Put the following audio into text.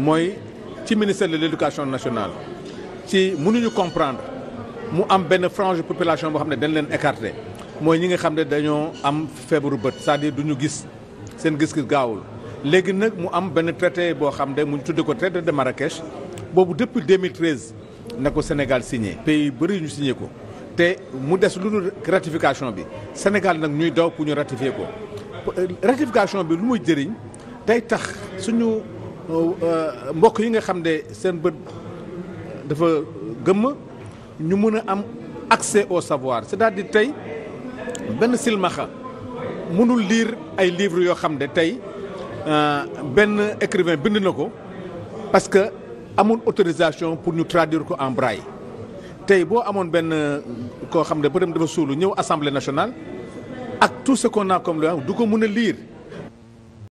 mooy ci ministère de l' éducation nationale ci mënuñu comprendre mu am benn frange population boo xam ne dañ leen écarté mooy ñi nga xam ne dañoo am feebaru bët c'est-à-dire du ñu gis seen gis-gis gaawul léegi nag mu am benn traité boo xam ne mu tudde ko traité de Marrakech boobu depuis 2013 na ko Sénégal signé pays bëri ñu signé ko te mu des lu dul ratification bi Sénégal nag ñuy daw pour ñu ratification bi lu muy jëriñ day tax suñu Euh, mbokk yi nga xam ne seen bët dafa gëmm ñu mën a am accès au savoir c'est-à-dire tey benn silmaxa mënul liir ay livres yoo xam ne tey euh, benn écrivain bind na ko parce que amul autorisation pour ñu traduire ko en braille tey boo amoon benn koo xam ne ba dem dafa suulu ñëw assemblée nationale ak tout ce qu'on a comme loi du ko mën a liir